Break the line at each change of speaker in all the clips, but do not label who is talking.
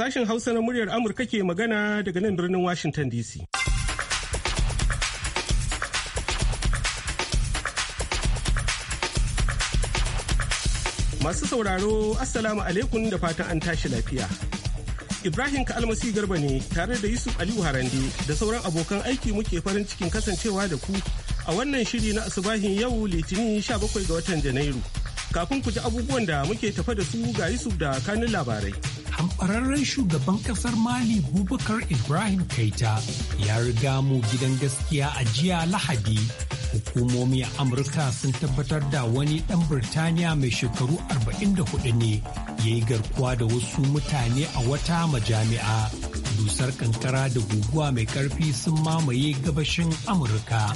Sashen Hausa na muryar Amurka ke magana daga nan birnin Washington DC. Masu sauraro, Assalamu alaikum da fatan an tashi lafiya. Ibrahim ka'almasi Garba ne tare da Yusuf Aliyu Harande da sauran abokan aiki muke farin cikin kasancewa da ku a wannan shiri na asubahin yau Litinin 17 ga watan Janairu. Kafin ku ji abubuwan da muke tafa da su ga Yusuf da kanun
labarai. kamfararren shugaban ƙasar Mali Bubakar Ibrahim Kaita ya riga mu gidan gaskiya a jiya Lahadi. Hukumomi a Amurka sun tabbatar da wani ɗan Birtaniya mai shekaru 44 ne ya yi garkuwa da wasu mutane a wata majami'a. Dusar kankara da guguwa mai ƙarfi sun mamaye gabashin Amurka.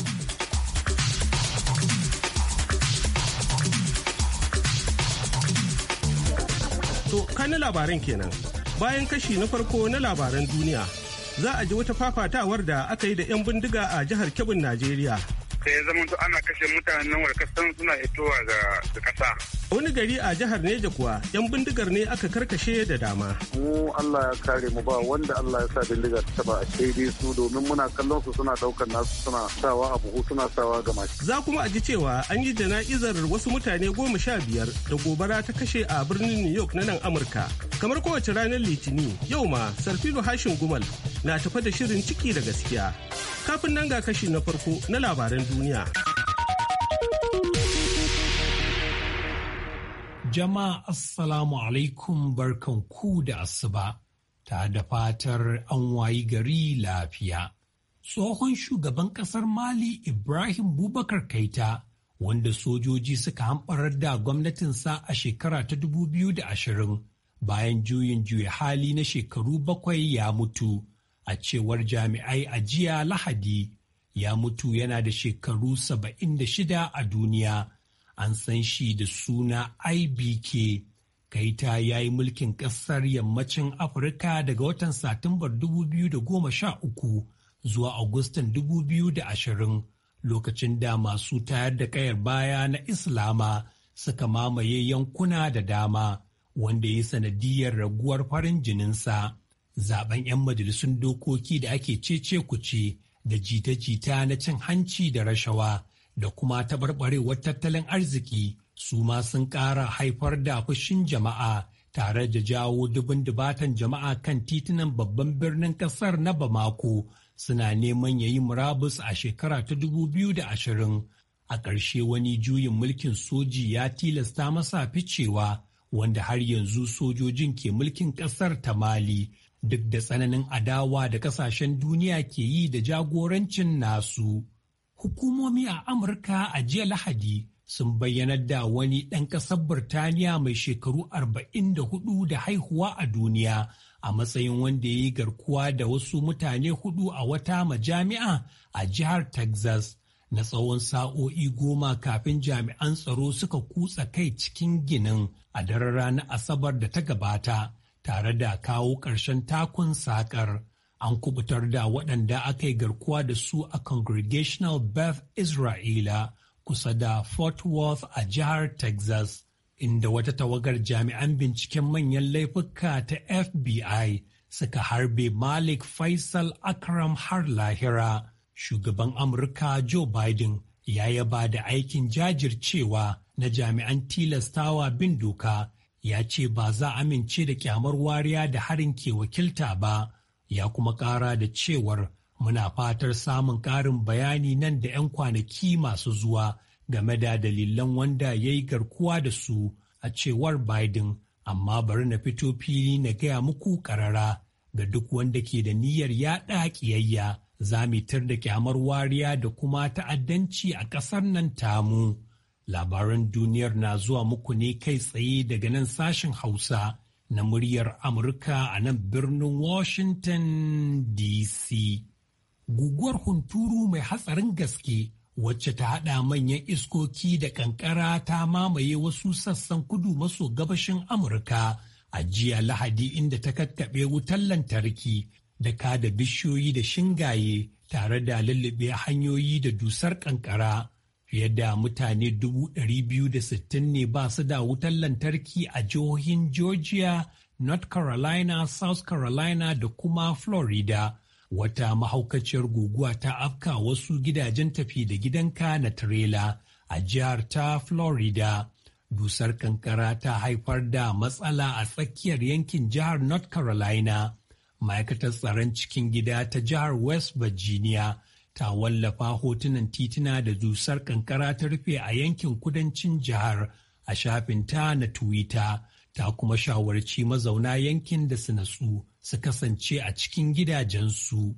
To, kanin labaran kenan. Bayan kashi na farko na labaran duniya, za a ji wata fafatawar da aka yi da 'yan bindiga a jihar Kebun Najeriya.
Sai zama ana kashe mutanen warkasan
suna hitowa ga kasa.
wani gari a jihar neja kuwa yan bindigar ne aka karkashe da dama
mu allah ya kare mu ba wanda allah ya sa bindiga ta taba a su domin muna kallon su suna daukar nasu suna sawa a buhu suna sawa ga mashi za
kuma a ji cewa an yi jana'izar wasu mutane goma sha biyar da gobara ta kashe a birnin new york na nan amurka kamar kowace ranar litinin yau ma sarfilo hashin gumal na tafa da shirin ciki da gaskiya kafin nan ga kashi na farko na labaran duniya
Jama'a Assalamu alaikum barkan ku da asuba, ta da fatar an wayi gari lafiya. Tsohon shugaban ƙasar Mali Ibrahim Bubakar Kaita, wanda sojoji suka hamɓarar da gwamnatinsa a shekara ta dubu biyu da ashirin bayan juyin juya hali na shekaru bakwai ya mutu, a cewar jami'ai a jiya Lahadi, ya mutu yana da shekaru saba'in da shida a duniya. an san shi da suna IBK. Kaita ya yi mulkin ƙasar yammacin Afirka daga watan Satumbar 2013 zuwa Agustan 2020 lokacin da masu tayar da ƙayar baya na Islama suka mamaye yankuna da dama wanda ya yi sanadiyar raguwar farin jininsa. Zaben 'yan majalisun dokoki da ake cece kuce da jita-jita na cin hanci da rashawa da kuma tabarbarewar tattalin arziki su ma sun ƙara haifar da fushin jama'a tare da jawo dubin dubatan jama'a kan titunan babban birnin ƙasar na Bamako suna neman yayi murabus a shekara ta dubu biyu da ashirin, A ƙarshe wani juyin mulkin soji ya tilasta masa ficewa wanda har yanzu sojojin ke mulkin ƙasar ta Mali duk da tsananin adawa da ƙasashen duniya ke yi da jagorancin nasu. Hukumomi a Amurka a jiya Lahadi sun bayyana da wani ɗan ƙasar Birtaniya mai shekaru 44 da haihuwa a duniya a matsayin wanda ya yi garkuwa da wasu mutane hudu a wata majami'a a jihar Texas na tsawon sa'o'i goma kafin jami'an tsaro suka kutsa kai cikin ginin a daren ranar Asabar da ta gabata tare da kawo ƙarshen takun saƙar. an kubutar da waɗanda aka yi garkuwa da su a Congregational Beth Isra'ila kusa da Fort Worth a jihar Texas, inda wata tawagar jami'an binciken manyan laifuka ta FBI suka harbe Malik Faisal Akram har lahira. Shugaban Amurka Joe Biden ya yaba da aikin jajircewa na jami'an tilastawa bin doka ya ce ba za amince da kyamar wariya da harin ke wakilta ba. ya kuma ƙara da cewar muna fatar samun ƙarin bayani nan da 'yan kwanaki masu zuwa game da dalilan wanda ya yi garkuwa da su a cewar Biden, amma bari na fito fili na gaya muku ƙarara ga duk wanda ke da niyyar yaɗa ƙiyayya za mu tar da kyamar wariya da kuma ta'addanci a ƙasar nan tamu. Labaran duniyar na zuwa muku ne kai tsaye daga nan sashen Hausa na muryar Amurka a nan birnin Washington DC. Guguwar hunturu mai hatsarin gaske wacce ta haɗa manyan iskoki da ƙanƙara ta mamaye wasu sassan kudu maso gabashin Amurka a jiya Lahadi inda ta kakkaɓe wutar lantarki da ka da bishiyoyi da shingaye tare da lullube hanyoyi da dusar ƙanƙara. Fiye da mutane 260 ne ba su da wutar lantarki a jihohin Georgia, North Carolina, South Carolina da kuma Florida. Wata mahaukaciyar guguwa ta afka wasu gidajen tafi da gidanka na Trela a jihar ta Florida. Dusar kankara ta haifar da matsala a tsakiyar yankin jihar North Carolina. Ma'aikatar tsaron cikin gida ta jihar West Virginia ta wallafa hotunan titina da dusar kankara ta rufe a yankin kudancin jihar a shafin ta na Twitter. Ta kuma shawarci mazauna yankin da su natsu su kasance a cikin gidajensu.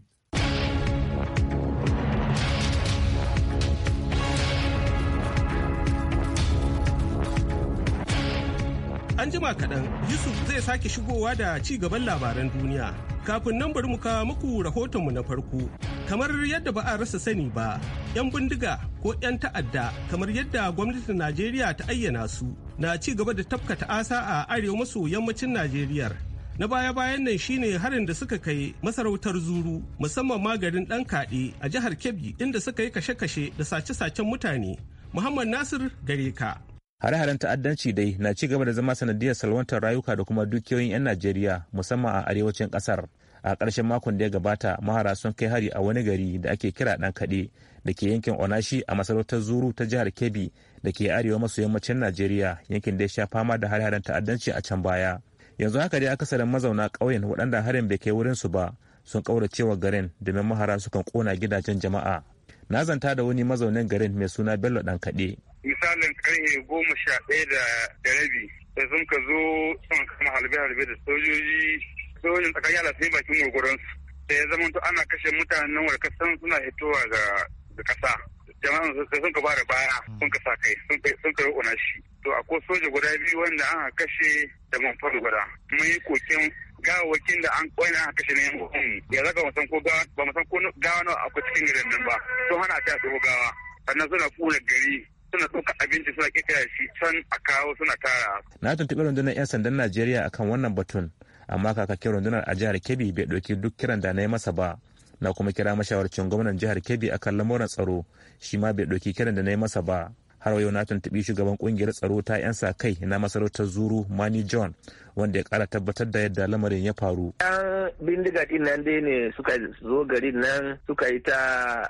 An jima kaɗan, Yusuf zai sake shigowa da ci gaban labaran duniya. Kafin nan bari mu kawo muku mu na farko. kamar yadda ba a rasa sani ba 'yan bindiga ko 'yan ta'adda kamar yadda gwamnatin najeriya ta ayyana su na ci gaba da tafka asa a arewa maso yammacin najeriya na baya-bayan nan shine harin da suka kai masarautar zuru musamman magarin dan kaɗe a jihar kebbi inda suka yi kashe-kashe da sace-sacen mutane muhammad nasir gare ka
Hare-haren ta'addanci dai na ci gaba da zama sanadiyar salwantar rayuka da kuma dukiyoyin 'yan Najeriya musamman a arewacin ƙasar. a ƙarshen makon da ya gabata mahara sun kai hari a wani gari da ake kira ɗan kaɗe da ke yankin onashi a masarautar zuru ta jihar kebbi da ke arewa maso yammacin najeriya yankin da ya sha fama da hare-haren ta'addanci a can baya yanzu haka dai akasarin mazauna ƙauyen waɗanda harin bai kai wurinsu ba sun ƙauracewa garin domin mahara sukan ƙona gidajen jama'a na zanta da wani mazaunin garin mai suna bello ɗan kaɗe
misalin karfe goma sha ɗaya da rabi da sun ka zo sun kama halbe-halbe da sojoji sojojin tsakanin ala sai bakin su da ya zama to ana kashe mutanen warkar san suna hitowa ga kasa jama'an sai sun ka bara baya sun ka sa kai sun ka ruɓuna shi to a ko soja guda biyu wanda an kashe da man faru guda mun yi kokin gawakin da an kwaina aka kashe na yan ne ya zaga san ko ba ba san ko gawa nawa akwai cikin gidan nan ba to hana ta tsoho gawa sannan suna kula gari suna ɗauka abinci suna kika shi can a kawo suna tara.
Na tuntuɓi rundunar 'yan sandan Najeriya akan wannan batun amma kakakin rundunar a jihar kebbi bai ɗauki duk kiran da na yi masa ba na kuma kira mashawarcin gwamnan jihar kebbi akan lamuran tsaro shi ma bai ɗauki kiran da na yi masa ba har yau na tuntuɓi shugaban kungiyar tsaro ta 'yan sa kai na masarautar zuru mani john wanda ya kara tabbatar da yadda lamarin ya faru.
yan bindiga ɗin nan dai ne suka zo garin nan suka yi ta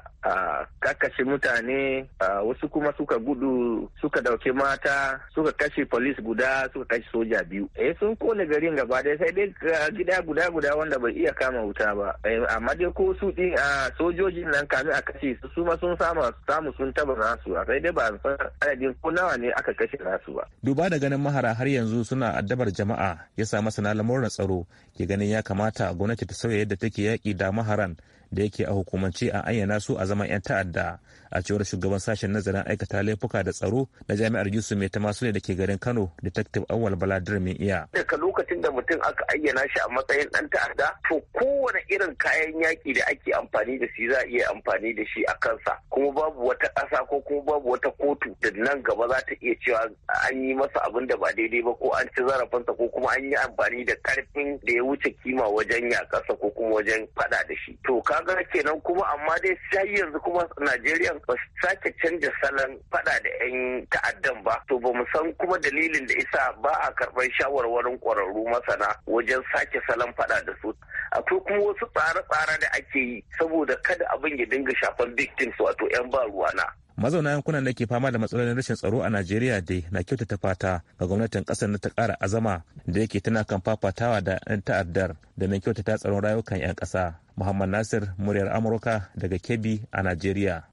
kakashe mutane wasu kuma suka gudu suka dauke mata suka kashe polis guda suka kashe soja biyu eh sun kone garin gaba daya sai dai gida guda guda wanda bai iya kama wuta ba eh, amma dai ko su ɗin sojojin nan kamin a kashe su ma sun samu sun taba nasu a sai dai ba a adadin ko nawa ne aka kashe nasu ba.
Duba da ganin mahara har yanzu suna addabar jama'a ya sa masana lamuran tsaro ke ganin ya kamata gwamnati ta sauya yadda take yaƙi da maharan da yake a hukumance a ayyana su a zaman 'yan ta'adda a cewar shugaban sashen nazarin aikata laifuka da tsaro na jami'ar yusuf mai ta masu ne da ke garin kano detective awal baladir mai iya
daga lokacin da mutum aka ayyana shi a matsayin dan ta'adda to kowane irin kayan yaki da ake amfani da shi za a iya amfani da shi a kansa kuma babu wata ƙasa ko kuma babu wata kotu da nan gaba za ta iya cewa an yi masa abin da ba daidai ba ko an ci zarafinsa ko kuma an yi amfani da karfin da ya wuce kima wajen yaƙarsa ko kuma wajen faɗa da shi to ka kaga kenan kuma amma dai sai yanzu kuma Najeriya nan ba su sake canza salon fada da 'yan ta'addan ba to ba mu san kuma dalilin da isa ba a karɓar shawarwarin ƙwararru masana wajen sake salon fada da su akwai kuma wasu tsare-tsare da ake yi saboda kada abin ya dinga shafan victims wato 'yan ba ruwa na
mazauna yankunan da ke fama da matsalolin rashin tsaro a najeriya dai na kyautata fata ga gwamnatin kasar na ta kara azama da yake tana kan fafatawa da 'yan ta'addar da mai kyautata tsaron rayukan 'yan kasa muhammad nasir muryar amurka daga kebbi a najeriya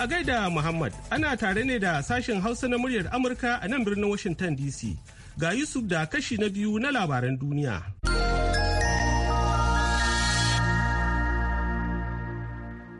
A gaida Muhammad, ana tare ne da sashen Hausa na muryar Amurka a nan birnin Washington DC. Ga Yusuf da kashi na biyu na labaran duniya.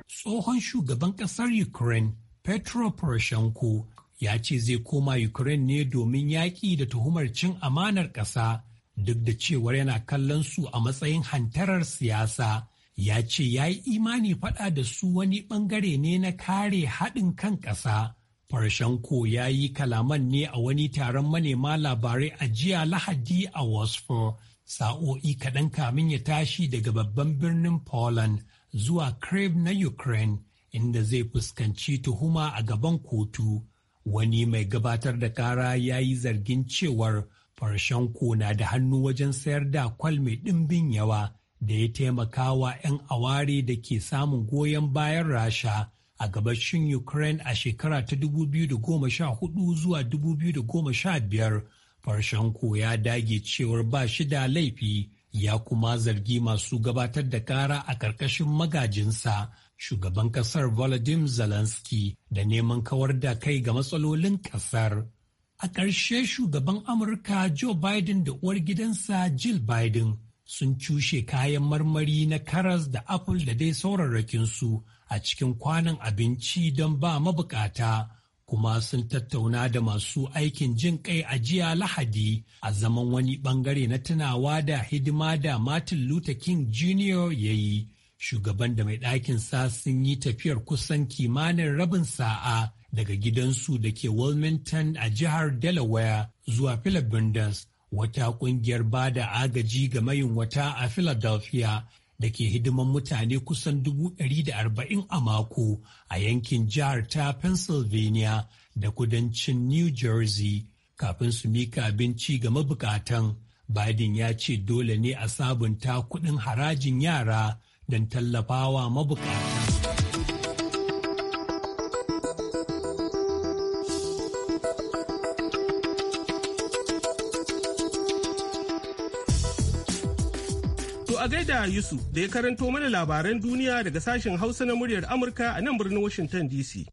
Tsohon shugaban ƙasar Ukraine, Petro Poroshenko, ya ce zai koma Ukraine ne domin yaƙi da tuhumar cin amanar ƙasa duk da cewar yana kallon su a matsayin hantarar siyasa ya ce ya yi imani faɗa da su wani ɓangare ne na kare haɗin kan ƙasa. Farshenko ya yi kalaman ne a wani taron manema labarai a jiya Lahadi a Wasfor, sa'o'i kaɗan kamin ya tashi daga babban birnin Poland zuwa Kiev na Ukraine, inda zai fuskanci tuhuma a gaban kotu. Wani mai gabatar da ƙara ya yi zargin cewar Farshenko na da hannu wajen sayar da kwal mai ɗimbin yawa. da ya taimaka wa 'yan aware da ke samun goyon bayan rasha a gabashin ukraine a shekara ta 2014 zuwa 2015 farshenko ya dage cewar ba shi da laifi ya kuma zargi masu gabatar da kara a ƙarƙashin magajinsa shugaban ƙasar volodymyr zelensky da neman kawar da kai ga matsalolin ƙasar a ƙarshe shugaban amurka joe biden da uwar gidansa jill biden sun cushe kayan marmari na karas da apple da dai saurarrakinsu a cikin kwanan abinci don ba mabukata kuma sun tattauna da masu aikin jin kai a jiya lahadi a zaman wani bangare na tunawa da hidima da martin luther king jr ya yi shugaban da mai ɗakin sa sun yi tafiyar kusan kimanin rabin sa'a daga gidansu da ke wilmington a jihar delaware zuwa Philip Bundes wata ƙungiyar ba da agaji ga mayunwata a Philadelphia da ke hidiman mutane kusan dubu da arba'in a mako a yankin jihar ta Pennsylvania da kudancin New Jersey kafin su mika abinci ga mabukatan. Biden ya ce dole ne a sabunta kuɗin harajin yara don tallafawa mabukatan.
da Yusuf da ya karanto mana labaran duniya daga sashen Hausa na muryar Amurka a nan birnin Washington DC.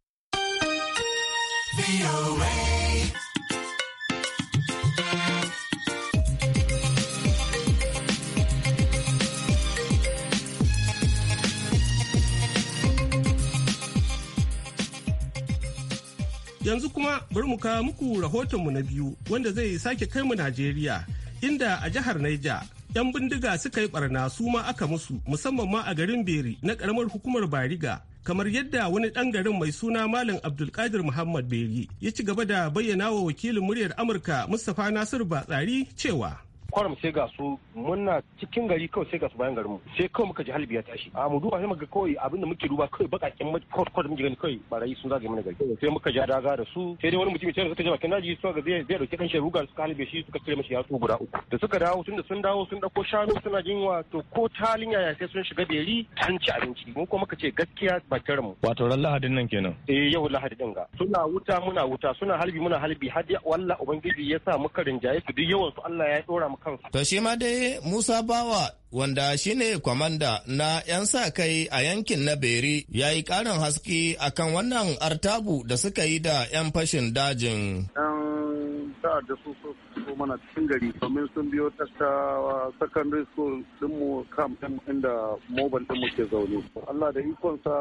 Yanzu kuma bari mu kawo muku rahotonmu na biyu wanda zai sake kai mu Najeriya inda a jihar Niger 'yan bindiga suka yi barna su ma aka musu musamman ma a garin beri na karamar hukumar bariga kamar yadda wani ɗan garin mai suna malam abdulkadir muhammad beri ya ci gaba da bayyana wa wakilin muryar amurka mustapha nasiru batsari cewa kwaram sai ga su muna cikin gari kawai sai ga su bayan garin mu sai kawai muka ji halbi ya tashi a mu duba sai muka kawai abin da muke duba kawai bakakin mu kwat kwat muke gani kawai barayi sun zagaye mana gari sai muka ja
daga da su sai dai wani
mutum ya tare suka je bakin daji suka ga zai zai dauki kan ruga suka halbe shi suka kire mashi yatsu guda uku da suka dawo tunda sun dawo sun dauko shanu suna jin wa to ko talin yaya sai sun shiga beri an ci abinci mu ko muka ce gaskiya ba tare mu
wato ran lahadin nan kenan
eh yau lahadi din ga suna wuta muna wuta suna halbi muna halbi har walla ubangiji ya sa muka rinjaye su duk yawan su Allah ya dora muka
To shi ma dai Musa Bawa wanda shine kwamanda na 'yan sa kai a yankin na Beri ya yi ƙarin haske akan wannan artabu da suka yi da 'yan fashin dajin.
sa da su mana cikin gari domin sun biyo ta secondary school dinmu kam din inda mobile dinmu muke zaune Allah da sa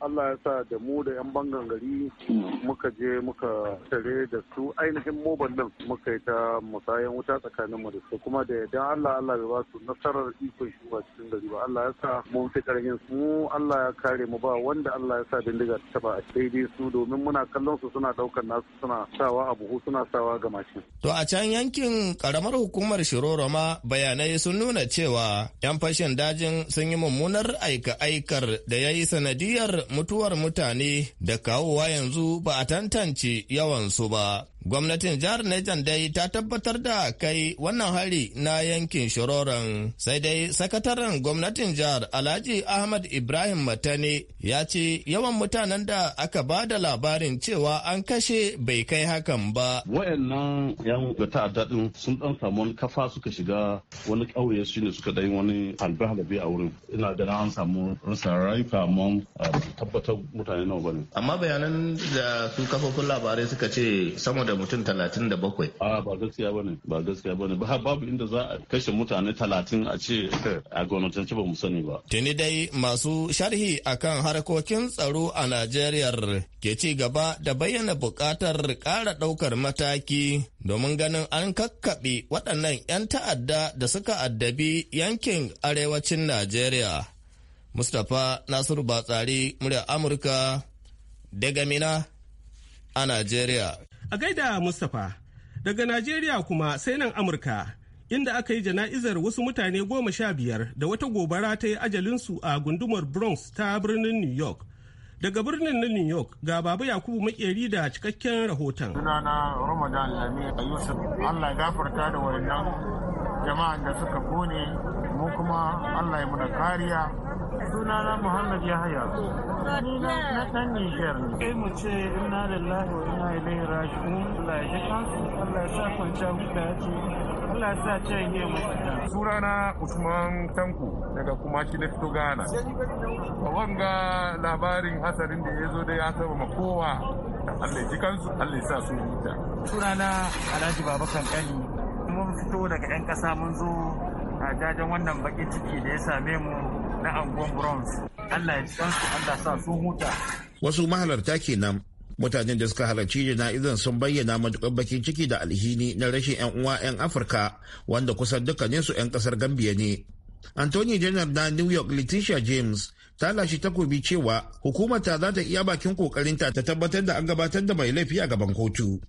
Allah ya sa da mu da yan bangan gari muka je muka tare da su ainihin mobile din muka yi ta musayan wuta tsakanin mu da su kuma da idan Allah Allah ya ba su nasarar ikon shi ba cikin gari ba Allah ya sa mun fi karfin mu Allah ya kare mu ba wanda Allah ya sa bindiga ta ba daidai su domin muna kallon su suna daukar nasu suna sawa a buhu suna sawa ga mashin
to a can yankin yankin ƙaramar hukumar Shiroroma bayanai sun nuna cewa 'yan fashin dajin sun yi mummunar aika-aikar da ya yi sanadiyar mutuwar mutane da kawowa yanzu ba a tantance yawansu ba. Gwamnatin jihar Niger dai ta tabbatar da kai wannan hari na yankin Shiroron sai dai sakataren gwamnatin jihar Alhaji Ahmad Ibrahim Matane ya ce yawan mutanen da aka ba da labarin cewa an kashe bai kai hakan ba. Wayannan yan ta'adda din sun dan samu kafa suka shiga wani ƙauye su ne suka dai wani halbe halbe a wurin. Ina da an samu rayuka amma ah, tabbatar mutane nawa bane. Amma bayanan da su kafofin labarai suka ce sama da da mutum talatin
da bakwai. A ah, ba gaskiya ba ne, ba gaskiya ba ne. Babu inda za a kashe mutane talatin a ce a gwamnatance ba mu sani ba.
Tuni dai masu sharhi akan harkokin tsaro a Najeriya ke ci gaba da bayyana buƙatar ƙara ɗaukar mataki domin ganin an kakkaɓe waɗannan 'yan ta'adda da suka addabi yankin arewacin Najeriya. Mustapha Nasiru Batsari, murya
Amurka, daga Mina a Najeriya. A gaida Mustapha, daga Najeriya kuma sai nan Amurka, inda aka yi jana'izar wasu mutane goma sha biyar da wata gobara ta yi ajalinsu a gundumar Bronx ta birnin New York. Daga birnin na New York ga Baba Yakubu Makeri da cikakken rahoton.
Sunana Ramadan Lami Yusuf, Allah gafarta da wannan jama'an da suka kone mu kuma Allah ya muna kariya
na Muhammad ya haya. na
dan Niger ne sai mu ce da lillahi wa inna ilaihi raji'un Allah ya kansu
Allah ya sa kwanciya huta ce Allah ya sa ce ya Suna na
Usman Tanku daga Kumashi na fito Ghana wanga labarin hasarin da ya zo da ya saba ma kowa Allah ya ji kansu Allah ya sa su huta na Alhaji Babakan Kani mun fito daga 'yan ƙasa mun zo a jajen wannan bakin ciki da ya same mu na angon bronze allah ya ji kansu allah sa sun huta
wasu mahalarta kenan mutanen da suka halarci jana'izan sun bayyana matukar bakin ciki da alhini na rashin 'yan uwa 'yan afirka wanda kusan dukkaninsu 'yan kasar gambia ne anthony Jenner na new york leticia james ta lashe takobi cewa hukumar ta za ta iya bakin kokarinta ta tabbatar da an gabatar da mai laifi a gaban kotu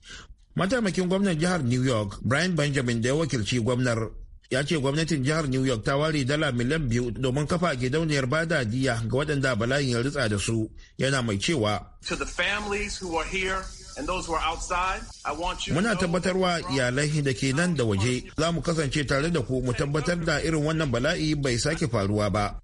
mataimakin gwamnan jihar new york brian benjamin da ya wakilci gwamnar ya ce gwamnatin jihar new york ta ware dala miliyan biyu domin kafa gidauniyar bada diya ga waɗanda bala'in ya ritsa da su yana mai cewa Muna tabbatarwa iyalai da ke nan da waje za mu kasance tare da ku mu tabbatar da irin wannan bala'i bai sake faruwa ba.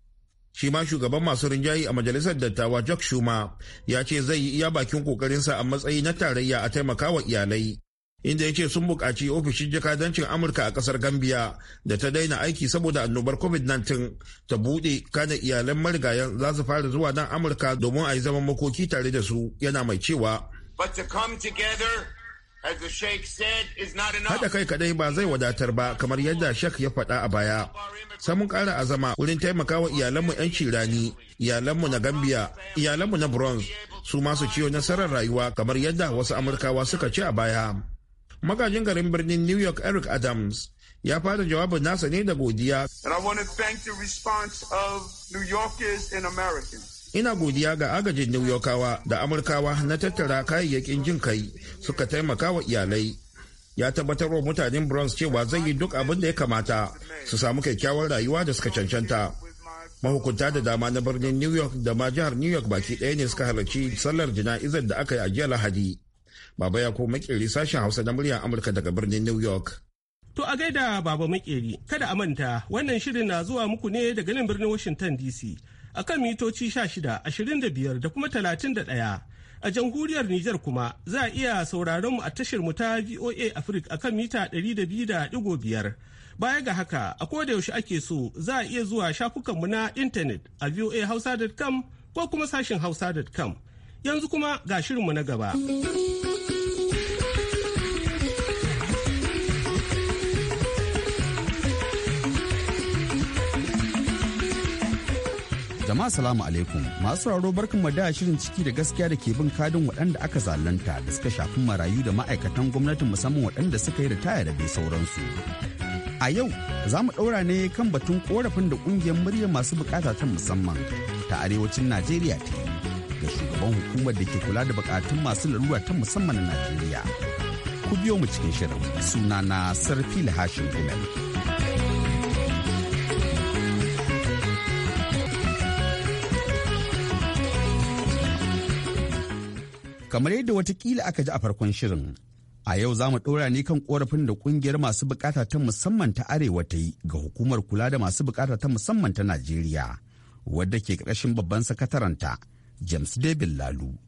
Shi ma shugaban masu rinjayi a majalisar dattawa Jack shuma ya ce zai yi iya bakin kokarinsa a matsayi na tarayya a taimakawa iyalai inda ya ce sun buƙaci ofishin jakadancin amurka a ƙasar gambia da ta daina aiki saboda annobar covid-19 ta buɗe kana iyalan marigayen za su fara zuwa nan amurka domin a yi zaman makoki tare da su yana mai cewa Haɗa kai kaɗai ba zai wadatar ba kamar yadda Sheikh ya faɗa a baya. Sai mun ƙara azama wurin taimakawa iyalanmu 'yan cirani, iyalanmu na Gambia, iyalanmu na bronze su masu ciwo nasarar rayuwa kamar yadda wasu Amurkawa suka ce a baya. magajin garin birnin new york eric adams ya fara jawabin nasa ne da godiya ina godiya ga agajin new yorkawa da amurkawa na tattara kayayyakin jin kai suka taimaka wa iyalai ya tabbatar wa mutanen bronx cewa zai yi duk abin da ya kamata su samu kyakkyawar rayuwa da suka cancanta mahukunta da dama na birnin new york da ma jihar new york baki ɗaya ne suka halarci sallar jana'izar da aka yi a jiya lahadi Baba ya ko makeri sashen Hausa na muryar Amurka daga birnin New York.
To a gaida Baba Makeri, kada a manta wannan shirin na zuwa muku ne da ganin birnin Washington DC a kan mitoci 16, 25 da kuma 31. A jamhuriyar Nijar kuma za a iya sauraron mu a tashar mu ta VOA Africa kan mita 200.5. Baya ga haka, a koda yaushe ake so za a iya zuwa shafukanmu na intanet a voahausa.com ko kuma sashin hausa.com. Yanzu kuma ga shirinmu na gaba.
Jama'a salamu alaikum masu sauraro barkan mu da shirin ciki da gaskiya da ke bin kadin waɗanda aka zalunta da suka shafi marayu da ma'aikatan gwamnatin musamman waɗanda suka yi ritaya da bai sauransu. A yau za mu ɗaura ne kan batun korafin da ƙungiyar murya masu bukata ta musamman ta arewacin Najeriya ta yi ga shugaban hukumar da ke kula da bukatun masu larura ta musamman na Najeriya. Ku biyo mu cikin shirin sunana Sarfil Hashim Gumel. Kamar yadda watakila aka ji a farkon shirin, a yau za mu ɗora ne kan korafin da ƙungiyar masu bukata ta musamman ta Arewa ta yi ga hukumar kula da masu bukata ta musamman ta Najeriya, wadda ke ƙarƙashin babban sakataranta James David Lalu.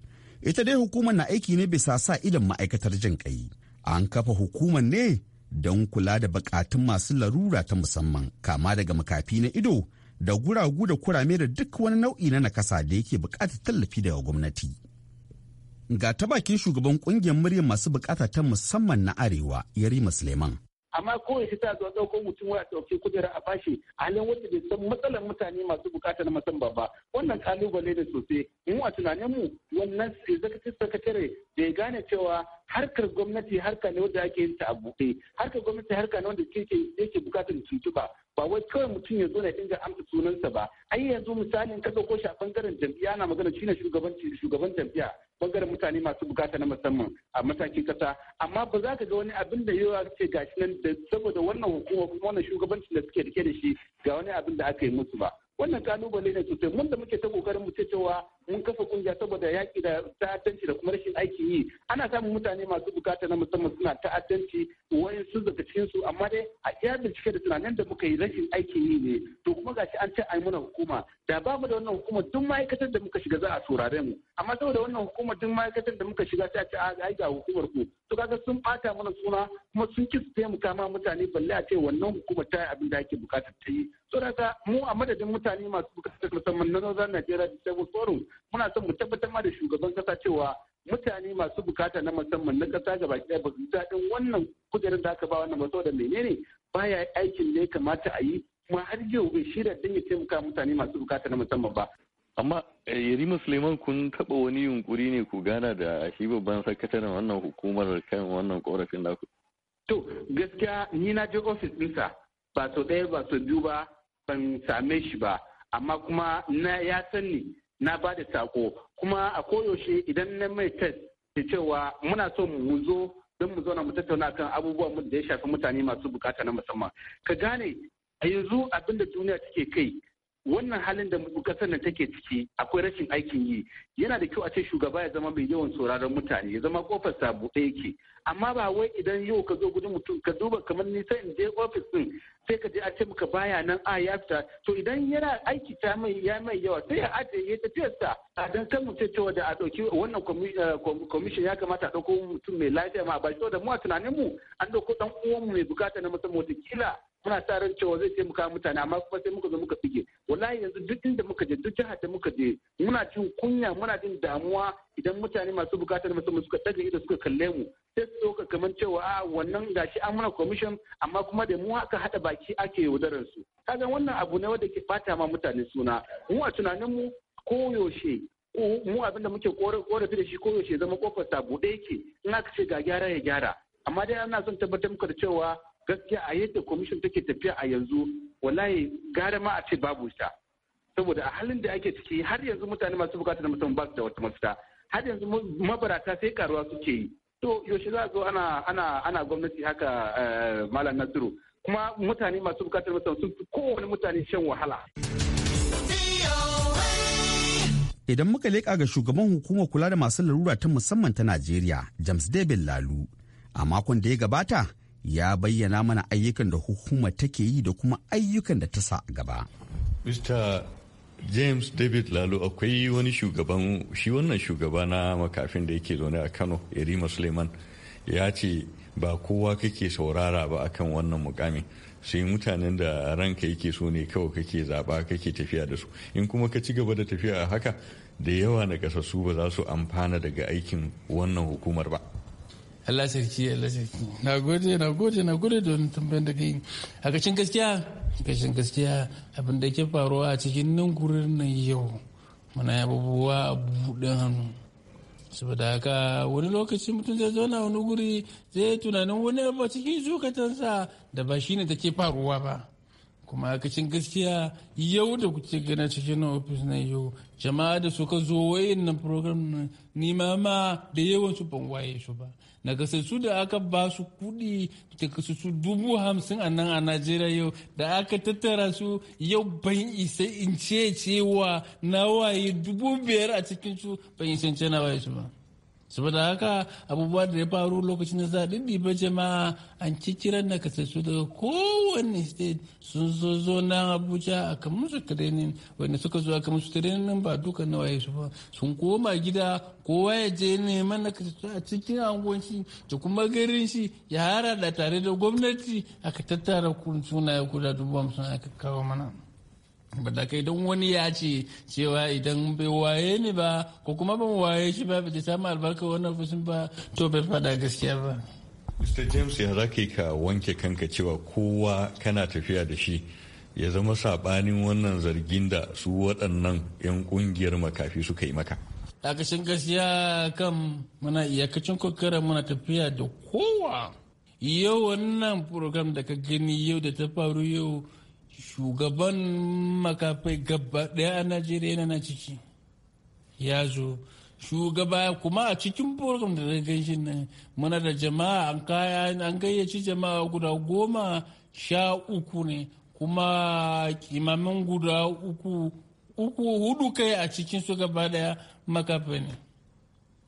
Ita dai hukumar na aiki ne bisa sa idan ma'aikatar jin ƙai. An kafa hukumar ne don kula da bukatun masu larura ta musamman kama daga makafi na ido da guragu da kurame da duk wani nau'i na nakasa da yake bukatar tallafi daga gwamnati Ga ta bakin shugaban kungiyar muryar masu bukata ta musamman na Arewa, Yarima Suleiman.
amma kawai shi ta zo ɗauko mutum waya ɗauke kujera a bashi halin wanda bai san matsalar mutane masu bukatar musamman ba wannan kalubale ne sosai in a tunanin mu wannan executive sakatare. bai gane cewa harkar gwamnati harka ne wanda ake yin ta a buɗe harkar gwamnati harka ne wanda yake bukatar tuntuba ba wai kawai mutum ya zo na dinga amsa sunansa ba ai yanzu misalin kasa ko shi a bangaren jam'iyya na magana shine shugabanci shugaban jam'iyya bangaren mutane masu bukata na musamman a matakin kasa amma ba za ka ga wani abin da yawa ce gashi nan da saboda wannan hukuma kuma wannan shugabancin da suke rike da shi ga wani abin da aka yi musu ba wannan kalubale ne sosai mun da muke ta kokarin mu cewa mun kafa kungiya saboda yaƙi da ta'addanci da kuma rashin aikin yi ana samun mutane masu bukata na musamman suna ta'addanci wayan su daga cikin su amma dai a iya bincike da tunanin da muka yi rashin aikin yi ne to kuma gashi an ce yi mana hukuma da ba mu da wannan hukuma duk ma'aikatar da muka shiga za a saurare mu amma saboda wannan hukuma duk ma'aikatar da muka shiga sai a ce a ai ga hukumar ku to kaga sun bata mana suna kuma sun ki su taimaka ma mutane balle a ce wannan hukuma ta yi abin da ake bukatar ta yi saboda mu a madadin mutane masu bukatar musamman na Northern Nigeria Disabled Forum muna son mu tabbatar ma da shugaban kasa cewa mutane masu bukata na musamman na kasa gaba ɗaya ba su daɗin wannan kujerar da aka ba wannan ba da menene baya aikin da ya kamata a yi kuma har yau bai shirya don ya taimaka mutane masu bukata na musamman ba.
amma eh, yarima suleiman kun taɓa
wani yunkuri ne ku gana da shi babban sakataren wannan hukumar kan wannan korafin naku. to gaskiya ni na je ofis ɗinsa ba sau ɗaya ba sau biyu ba ban same shi ba amma kuma na ya sanni. na ba da sako kuma a koyaushe idan na mai test da cewa muna so mu zo don mu zauna mu tattauna kan abubuwan da ya shafi mutane masu bukata na musamman ka gane a yanzu abinda da duniya take kai wannan halin da kasar nan take ciki akwai rashin aikin yi yana da kyau a ce shugaba ya zama mai yawan sauraron mutane ya zama kofar sabo ɗaya yake amma ba wai idan yau ka zo gudun mutum ka duba kamar nisa sai in je ofis din sai ka je a ce maka baya nan a ya fita to idan yana aiki ta mai ya mai yawa sai ya ajiye ya tafiya sa a dan kan mu cewa da a dauki wannan commission eh, ya kamata a dauko mutum mai lafiya ma ba shi da mu a tunanin mu an dauko ɗan uwan mu mai bukata na musamman wata kila muna sa ran cewa zai taimaka mutane amma kuma sai muka zo muka fige wallahi yanzu duk inda muka je duk jihar da muka je muna jin kunya muna jin damuwa idan mutane masu bukatar musamman suka daga ido suka kalle mu sai su kamar cewa a ah, wannan gashi an muna commission amma kuma da mu haka haɗa baki ake yaudarar su kaga wannan abu ne wanda ke fata ma mutane suna mu a tunanin mu koyaushe mu abinda muke korafi da shi koyaushe zama kofar sa buɗe yake in aka ce ga gyara ya gyara amma dai ana son tabbatar muka da cewa gaskiya a yadda kwamishin take tafiya a yanzu wallahi gara ma a ce babu ita saboda a halin da ake ciki har yanzu mutane masu bukatar musamman ba su da wata mafita har yanzu mabarata sai karuwa suke yi to yaushe za a zo ana ana gwamnati haka eh, malam nasiru kuma mutane masu bukatar musamman sun fi kowane mutane shan wahala
idan muka leƙa ga shugaban hukumar kula da masu larura ta musamman ta najeriya james david lalu a makon da ya gabata ya bayyana mana ayyukan da hukuma take yi da kuma ayyukan da ta sa a gaba.
Mr. James David Lalo akwai wani shugaban shi wannan shugaba na makafin da yake zaune a Kano Irima Suleiman ya ce ba kowa kake saurara ba akan wannan mukami sai mutanen da ranka yake so ne kawai kake zaba kake tafiya da su in kuma ka ci gaba da tafiya haka da yawa na kasassu ba za su amfana daga aikin wannan hukumar ba
Allah sarki Allah sarki na gode na gode na gode don tambayan da kai a kashin gaskiya kashin gaskiya abin da ke faruwa a cikin nan gurin nan yau muna yi abubuwa a buɗin hannu saboda haka wani lokaci mutum zai zauna wani guri zai tunanin wani abu a cikin zukatansa da ba shine take faruwa ba kuma kacin gaskiya yau da kuke gana cikin ofis na yau jama'a da suka zo wayan nan program ni ma ma da yawan su ban waye su ba na su da aka ba su kudi da su dubu hamsin a nan a najeriya yau da aka tattara su yau ban isa in ce cewa na waye dubu biyar a cikin su ban isa na waye su ba saboda haka abubuwa da ya faru lokacin da za ba jama'a an ci na daga kowane state sun zo zo na abuja a kan musu training wanda suka zo aka musu training ba duka nawa waye su ba sun koma gida kowa ya je neman na kasassu a cikin angonci da kuma garin shi ya hara da tare da gwamnati aka tattara sunaye guda dubu hamsin aka kawo mana. da kai don wani ya ce cewa idan bai waye ni ba ko kuma ban waye shi ba bai samu albarka wannan fusun ba to bai faɗa gaskiya ba. Mr. James
ya zaka ka wanke kanka cewa kowa kana tafiya da shi ya zama sabanin wannan zargin da su waɗannan 'yan ƙungiyar makafi suka yi maka.
Dakashin gaskiya kan muna iyakacin kokara muna tafiya da kowa. Yau wannan program da ka gani yau da ta faru yau shugaban makafai gaba daya a najeriya yana ciki ya zo shugaba kuma a cikin program da zai shi nan muna da jama'a an kaya an gayyaci jama'a guda goma sha uku ne kuma kimamin guda uku uku hudu kai a cikin su gaba daya makafai ne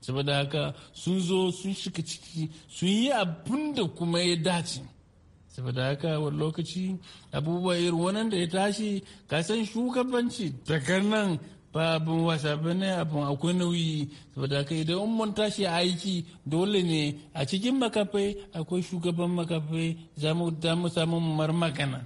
saboda haka sun zo sun shiga ciki sun yi abin da kuma ya dace saboda haka wani lokaci abubuwa irin wannan da ya tashi ka san shugabanci daga nan ba abin wasa ba ne abin akwai nauyi saboda haka idan mun tashi aiki dole ne a cikin makafai akwai shugaban makafai za mu samu mar magana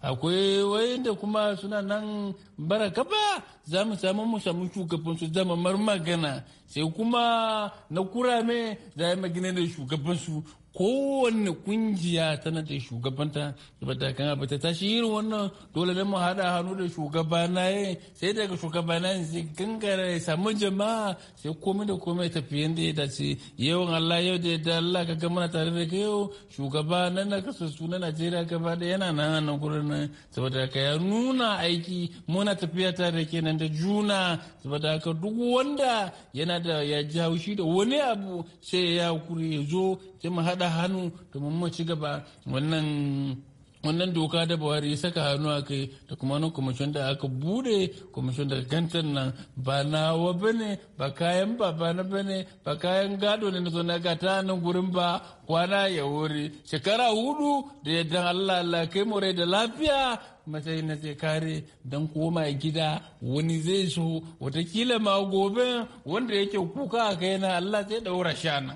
akwai wayanda kuma suna nan bara kafa za mu samu mu samu shugaban su zama mar magana sai kuma na kurame da ya magina da shugabansu kowanne kungiya tana da shugabanta da bata kan abu ta tashi irin wannan dole ne mu hada hannu da shugabana eh. sai daga shugabana sai gangara ya samu jama'a sai komai da komai tafi yadda ya dace yawan Allah yau da yadda Allah ka gama na tare da ka yau shugaba na na na Najeriya gaba da yana nan nan gurin nan saboda ka ya nuna aiki muna tafiya tare da kenan da juna saboda ka duk wanda yana da ya ji haushi da wani abu sai ya kuri ya zo sai mu haɗa hannu da mun ci gaba wannan wannan doka da buhari ya saka hannu a kai da kuma wani kwamishin da aka bude kwamishin da gantar nan ba nawa ba ne ba kayan baba na ba ne ba kayan gado ne na zo na gata nan gurin ba kwana ya wuri shekara hudu da yadda allah allah kai mu da lafiya matsayin na zai kare don koma gida wani zai so watakila ma gobe wanda yake kuka a kai na Allah zai daura shana.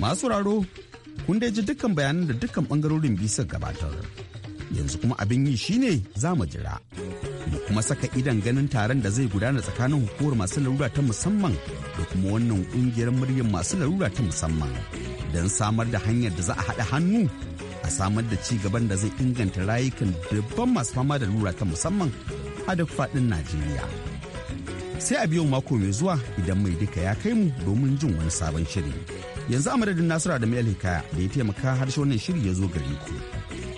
Masu raro, kun dai ji dukkan bayanan da dukkan bangarorin bisa gabatar. Yanzu kuma abin yi shine za mu jira. da kuma saka idan ganin taron da zai gudana tsakanin hukumar masu larura ta musamman da kuma wannan kungiyar muryar masu larura ta musamman don samar da hanyar da za a haɗa hannu a samar da ci gaban da zai inganta rayukan dubban masu fama da lura ta musamman a duk faɗin Najeriya. Sai a biyo mako mai zuwa idan mai duka ya kai mu domin jin wani sabon shiri. Yanzu a madadin Nasura da mai Hikaya da ya taimaka harshe wannan shiri ya zo gare ku.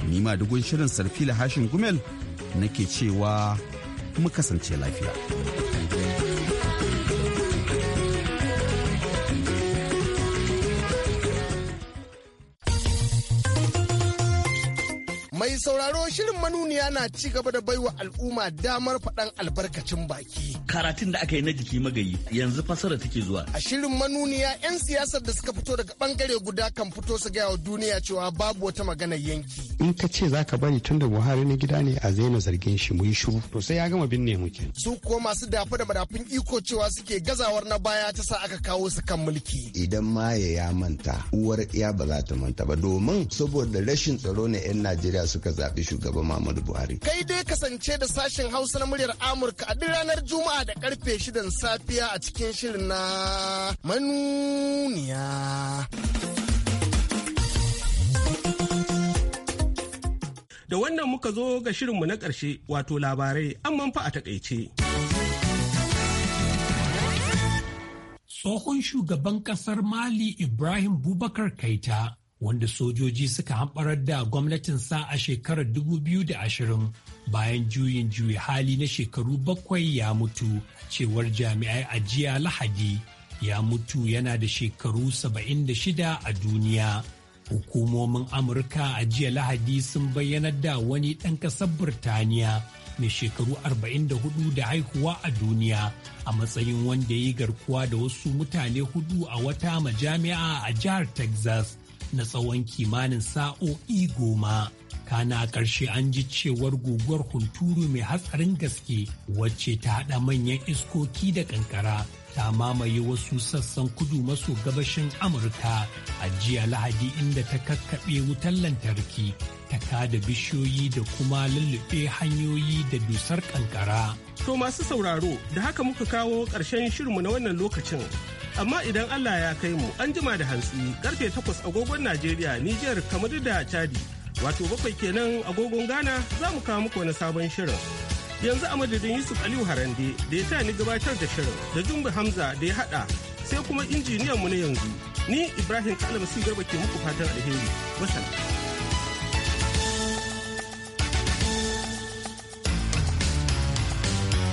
nima dugun shirin Sarfila Hashin Gumel nake cewa mu kasance lafiya.
sauraro shirin manuniya na ci gaba da baiwa al'umma damar faɗan albarkacin baki. Karatun da aka yi na jiki magayi yanzu fasara take zuwa. A shirin manuniya 'yan siyasar da suka fito daga bangare guda kan fito su gaya wa duniya cewa babu wata magana yanki.
In ka ce za ka bari tun da Buhari na gida ne a zaina zargin shi mu yi shiru to sai ya gama binne muke?
Su ko masu dafa da madafin iko cewa suke gazawar na baya ta sa aka kawo su kan mulki. Idan maye ya manta uwar iya ba za ta manta ba domin saboda rashin tsaro ne 'yan Najeriya suka zaɓi shugaban Muhammadu Buhari. Kai dai kasance da sashen Hausa na muryar Amurka a duk ranar Juma'a da karfe shidan safiya a cikin shirin na manuniya.
Da wannan muka zo ga shirinmu na ƙarshe wato labarai amman fa a takaice.
tsohon shugaban ƙasar Mali Ibrahim Bubakar Kaita wanda sojoji suka hamɓarar da gwamnatinsa a shekarar 2020 bayan juyin juyi hali na shekaru bakwai ya mutu cewar jami'ai a jiya lahadi ya mutu yana da shekaru 76 a duniya hukumomin amurka a jiya lahadi sun bayyanar da wani ɗan ƙasar Birtaniya, mai shekaru 44 da haihuwa a duniya a matsayin wanda ya yi garkuwa da wasu mutane hudu a wata majami'a a jihar texas na tsawon kimanin sa'o'i goma. kana ƙarshe an ji cewar guguwar hunturu mai hatsarin gaske wacce ta haɗa manyan iskoki da ƙanƙara ta mamaye wasu sassan kudu maso gabashin amurka a jiya lahadi inda ta kakkaɓe wutar lantarki ta kada bishiyoyi da kuma lullube hanyoyi da dusar kankara
to masu sauraro da haka muka kawo ƙarshen shirinmu na wannan lokacin amma idan allah ya kai mu an jima da hantsi karfe 8 agogon najeriya nijar kamar da chadi wato bakwai kenan agogon ghana za mu kawo muku wani sabon shirin yanzu a madadin yusuf aliyu harande da ya ni gabatar da shirin da jumbe hamza da ya hada sai kuma injiniyan mu na yanzu ni ibrahim sun garba ke muku fatan alheri wasalam